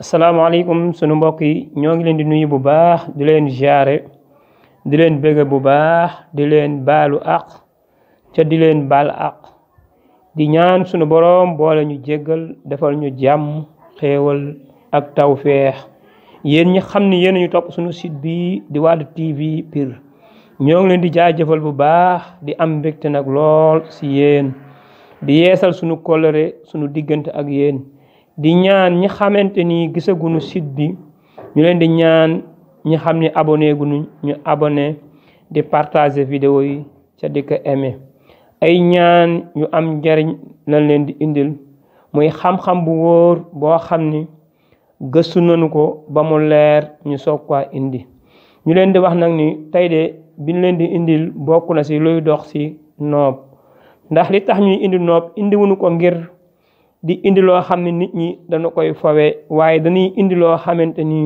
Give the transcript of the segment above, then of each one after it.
asalaamaaleykum sunu mbokk yi ñoo ngi leen di nuyu bu baax di leen jaare di leen bëgg bu baax di leen baalu àq ca di leen baal àq di ñaan sunu boroom boole ñu jéggal defal ñu jàmm xéewal ak tawfeex yéen ñi xam ni yéen ñu topp sunu site bi di Wade TV Pire ñoo ngi leen di jaajëfal bu baax di am mbégte nag lool si yéen di yeesal sunu kóllëre sunu diggante ak yéen di ñaan ñi xamante ni gisaguñu site bi ñu leen di ñaan ñi xam ni abonné ñu abonné di partager vidéo yi ca dikk eme ay ñaan ñu am njariñ lañ leen di indil muy xam-xam bu wóor boo xam ni gëstu nañu ko ba mu leer ñu soog ko indi ñu leen di wax nag ni tey de biñ leen di indil bokk na ci luy dox ci noob ndax li tax ñuy indi noob indiwuñu ko ngir di indi loo xam ne nit ñi dañu koy fawee waaye dañuy indi loo xamante ni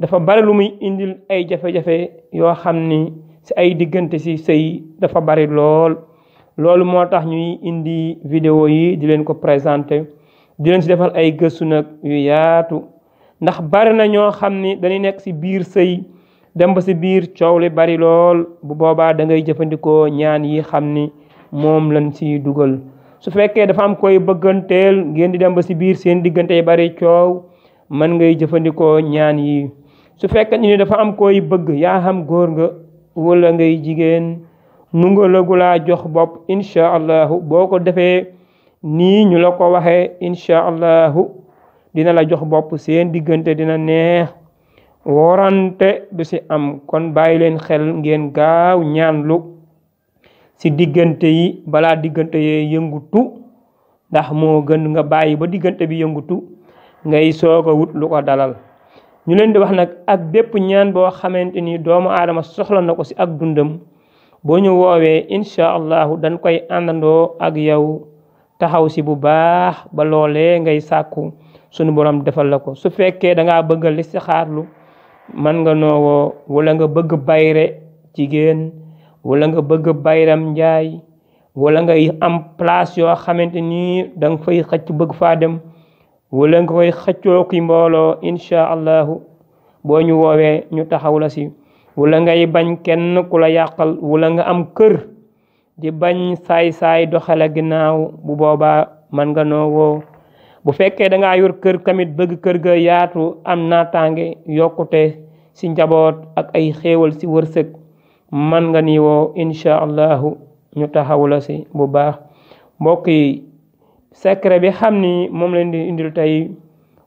dafa bari lu muy indil ay jafe-jafe yoo xam ni si ay diggante si sëy dafa bari lool loolu moo tax ñuy indi vidéo yi di leen ko présente di leen si defal ay gëstu nag yu yaatu ndax bari na ñoo xam ni dañuy nekk si biir sëy dem ba si biir coow li bari lool bu boobaa da ngay jëfandikoo ñaan yi xam ni moom lañ si dugal su fekkee dafa am koy bëgganteel ngeen di dem ba si biir seen diggante bari coow man ngay jëfandikoo ñaan yi su fekkee ni dafa am koy bëgg yaa xam góor nga walla ngay jigéen nu nga jox bopp incha allahu boo ko defee nii ñu la ko waxee incha allahu dina la jox bopp seen diggante dina neex worante du si am kon bàyyi leen xel ngeen gaaw ñaan lu si diggante yi balaa diggante yee yëngutu ndax moo gën nga bàyyi ba diggante bi yëngutu ngay soog a wut lu ko dalal ñu leen di wax nag ak bépp ñaan boo xamante ni doomu aadama soxla na ko si ak dundam boo ñu woowee incha allahu dañ koy àndandoo ak yow taxaw si bu baax ba loolee ngay sàkku sunu borom defal la ko su fekkee dangaa bëgg listixaarlu mën nga noowoo wala nga bëgg bayre jigéen wala nga bëgg bayram njaay wala ngay am place yoo xamante nii da nga fay xëcc bëgg faa dem wala nga koy xëccoo ki mbooloo incha allahu boo ñu woowee ñu taxaw la si wala ngay bañ kenn ku la yàqal wala nga am kër di bañ saay-saay doxale ginnaaw bu boobaa mën nga noo bu fekkee da ngaa yor kër tamit bëgg kër ga yaatu am naataange yokkute si njaboot ak ay xéewal si wërsëg man nga ni woo incha allahu ñu taxawula la si bu baax mbokk yi secret bi xam ni moom leen di indil tey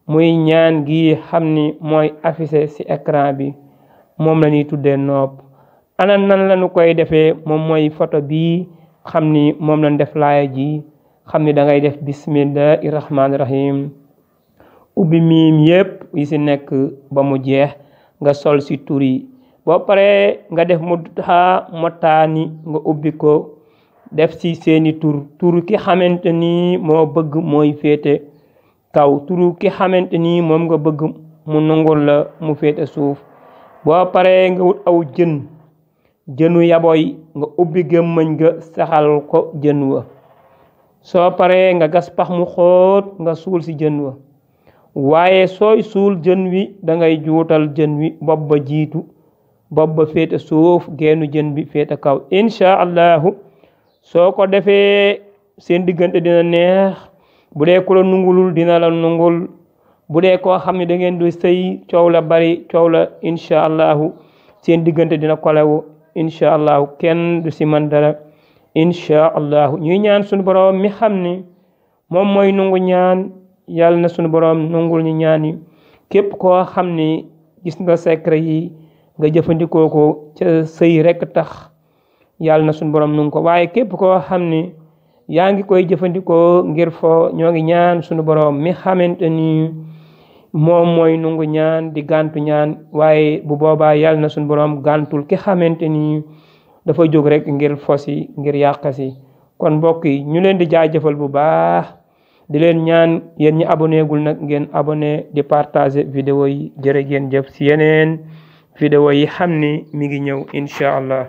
muy ñaan gi xam ni mooy affiché ci écran bi moom la ñuy tuddee nopp ana nan lañu koy defee moom mooy photo bii xam ni moom lañ def laaya ji xam ni dangay def bismillahi rahmaani rahim ubbi miim yépp yi ci nekk ba mu jeex nga sol ci tur yi boo paree nga def mudduha motaani nga ubbi ko def ci seeni tur tur ki xamante ni moo bëgg mooy féete kaw turu ki moom nga bëgg mu nangul la mu féete suuf boo paree nga wut aw jën jënu yaboy nga ubbi gémmañ nga saxal ko jën wa soo paree nga gas pax mu xoot nga suul ci jën wa waaye sooy suul jën wi dangay juutal jën wi bopp ba jiitu bopp ba féete suuf geenu jën bi féete kaw incha allahu soo ko defee seen diggante dina neex bu dee ku la nungulul dina la nungul bu dee koo xam ne da ngeen du sëy coow la bari coow la incha allahu seen diggante dina kolewu incha allahu kenn du si man dara incha allahu ñuy ñaan sunu borom mi xam ne moom mooy nungu ñaan yàlla na sunu borom nungul ñu ñaan yi képp koo xam ne gis nga secret yi nga jëfandikoo ko ca sëy rek tax yàlla na suñu borom nu ko waaye képp koo xam ni yaa ngi koy jëfandikoo ngir foo ñoo ngi ñaan suñu borom mi xamante ni moom mooy nungu ñaan di gàntu ñaan waaye bu boobaa yàlla na suñu borom gàntul ki xamante ni dafa jóg rek ngir fosi ngir yàq kon mbokk yi ñu leen di jëfal bu baax di leen ñaan yéen ñi aboné nag ngeen aboné di partager vidéo yi jërë ngeen jëf si yeneen. vidéo yi xam ni mi ngi ñëw incha allah